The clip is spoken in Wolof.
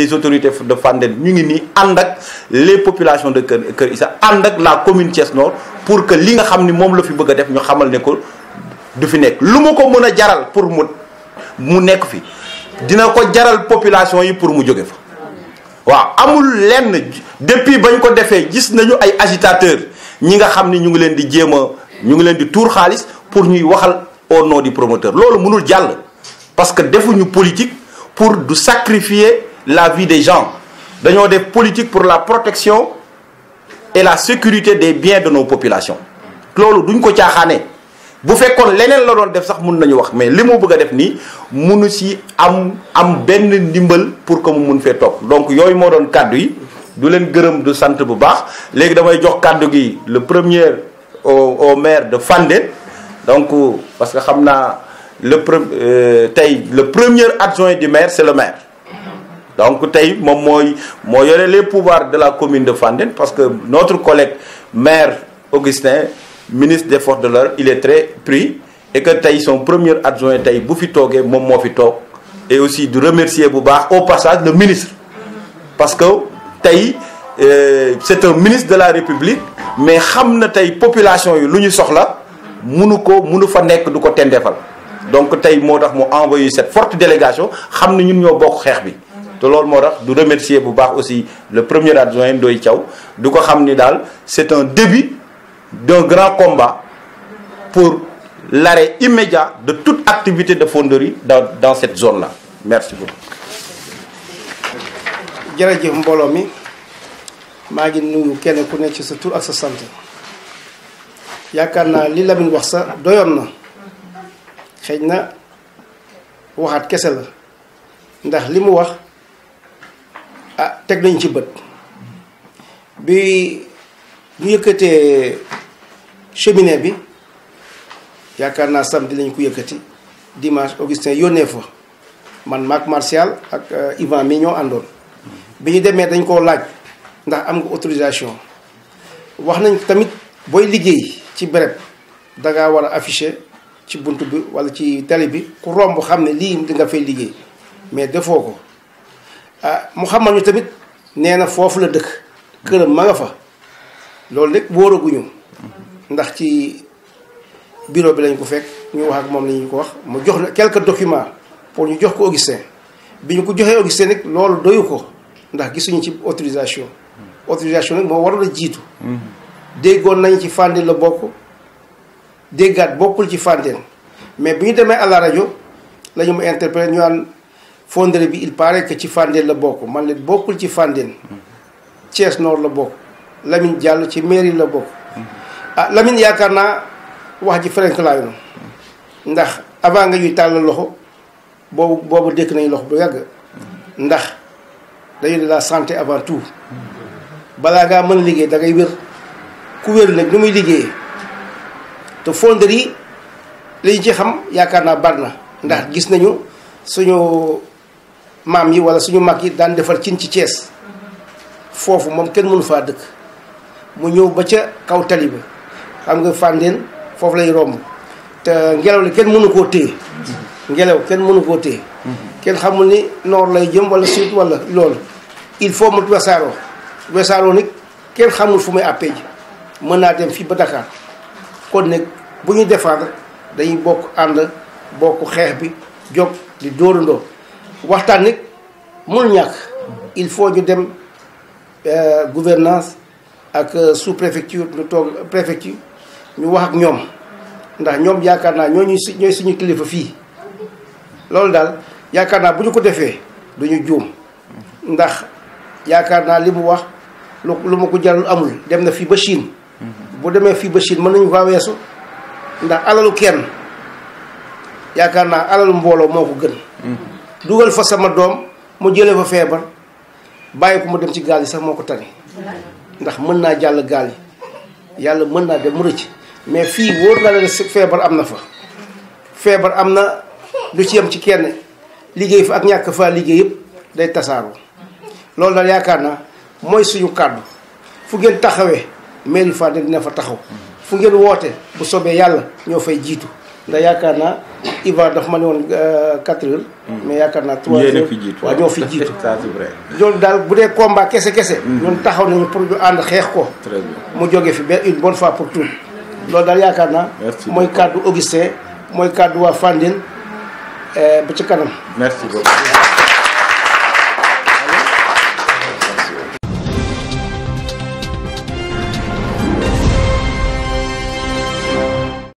les autorités de Fandène ñu ngi nii les populations de Kër Kër Issa ànd la commune Thiès Nord pour que li nga xam ni moom la fi bëgg a def ñu xamal ne ko du fi nekk lu ko mën jaral pour mu mu nekk fi dina ko jaral population yi pour mu jóge fa waaw amul lenn depuis bañ ko defee gis nañu ay agitateurs ñi nga xam ni ñu ngi leen di jéem ñu ngi leen di tuur xaalis pour ñuy waxal au nom du promoteur loolu mënul jàll parce que defuñu politique pour du sacrifier la vie des gens dañoo des politiques pour la protection et la sécurité des biens de nos populations loolu duñ ko caaxaane bu fekkoon leneen la doon def sax mun nañu wax mais li mu bëgg def ni munu ci am am benn ndimbal pour que mu mun fee toog donc yooyu moo doon kàddu yi du leen gërëm du sant bu baax léegi damay jox kàddu gi le premier au au maire de Fandé, donc parce que xam naa le pre euh, tey le premier adjoint du maire c'est le maire donc tay mom moy mo yoré les pouvoirs de la commune de Fanden parce que notre collègue maire Augustin ministre des forces de l'ordre il est très pris et que tay son premier adjoint tay bu fi togué mom mo fi et aussi de remercier bu au passage le ministre parce que tay euh, c'est un ministre de la République mais xamna tay la population yi luñu là soxla munu ko munu fa nek du ko donc tay motax mo envoyé cette forte délégation xamna ñun ñoo de xex bi te loolu moo tax du remercier bu baax aussi le premier adjoint Ndoye Thiaw du ko xam ni daal c'est un début d'un grand combat pour l'arrêt immédiat de toute activité de fonderie dans dans cette zone là merci beaucoup. jërëjëf mbooloo mi maa ngi nuyu kenn ku nekk ci sa tur ak sa sant yaakaar naa li Lamine wax sa doyoon na xëy na waxaat ndax li wax. ah teg nañ ci bët bi ñu yëkkatee cheminée bi yaakaar naa samedi lañ ko yëkkati dimanche Augustin yónnee fa man maak Martial ak euh, Ivan mi ñoo àndoon bi ñu demee dañ koo laaj ndax am nga autorisation wax nañ tamit booy liggéey ci béréb dangaa war a afficher ci bunt bi walla ci télé bi ku romb xam ne lii di nga fay liggéey mais defoo ko ah mu xamal ñu tamit nee na foofu la dëkk këram ma nga fa loolu lépp wóoraguñu ndax ci bureau bi lañ ko fekk ñu wax ak moom la ñu ko wax mu jox na quelques documents pour ñu jox ko Augustin bi ñu ko joxee Augustin nag loolu doyu ko ndax gisuñu ci autorisation autorisation nag moo waroon a jiitu déggoon nañ ci Fandène la bokk déggaat bokkul ci Fandène mais bi ñu demee à la ma interpellé ñu naan Fondé bi il paraît que ci Fandène la bokk man leen bokkul ci Fandène Thiès Nord la bokk Lamine jàll ci mairie la bokk ah Lamine yaakaar naa wax ji frank laayu na ndax avant nga ñuy tàllal loxo boobu boobu dëkk nañu loxo bu yàgg ndax dañu ne la santé avant tout balaa ngaa mën liggéey dangay wér ku wér nag nu muy liggéeyee te Fondé yi li ñu ci xam yaakaar naa bari na ndax gis nañu suñu maam yi wala suñu mag yi daan defar cin ci Thiès foofu moom kenn mënu faa dëkk mu ñëw ba ca kaw tali bi xam nga fàndeen foofu lay romb te ngelaw li kenn mënu koo téye ngelaw kenn mënu koo téye kenn xamul ni noor lay jëm wala sud wala loolu il faut mu wesaaroo wesaaroo nag kenn xamul fu muy àppee ji mën naa dem fii ba Dakar kon nag bu ñu défendre dañuy bokk ànd bokk xeex bi jóg di dóorandoo waxtaan nit mul ñàkk il faut ñu dem euh, gouvernance ak euh, sous préfecture nu toog préfecture ñu wax ak ñoom ndax ñoom yaakaar naa ñoo ñuy si ñooy suñu kilifa fii loolu daal yaakaar naa bu ñu ko defee duñu juum ndax yaakaar naa li mu wax lu lu ma ko jarul amul dem na fii ba Chine mhm. bu demee fii ba Chine mën nañu faa weesu ndax alalu kenn yaakaar naa alalu mbooloo moo ko gën mhm. dugal fa sama doom mu jëlee fa feebar bàyyi ko mu dem ci gaal yi sax moo ko tane ndax mën naa jàll gaal yi yàlla mën naa dem mu rëcc mais fii wóor na la feebar am na fa feebar am na du ci yem ci kenn liggéey fa ak ñàkk fa liggéey yëpp day tasaaroo loolu daal yaakaar naa mooy suñu kàddu fu ngeen taxawee mairie Fandène dina fa taxaw fu ngeen woote bu sobee yàlla ñoo fay jiitu ndax yaakaar naa Ivan dafa ma ne woon 4 euh, heures. Hmm. mais yaakaar naa 3 heures waaw ñoo fi jiitu loolu daal bu dee combat kese kese. Hmm. ñun taxaw nañu pour ñu ànd xeex ko. mu joge fi ba une bon fa pour tout loolu daal yaakaar naa. mooy kàddu Augustin mooy kàddu waa Fandine euh, ba ci kanam. merci beaucoup.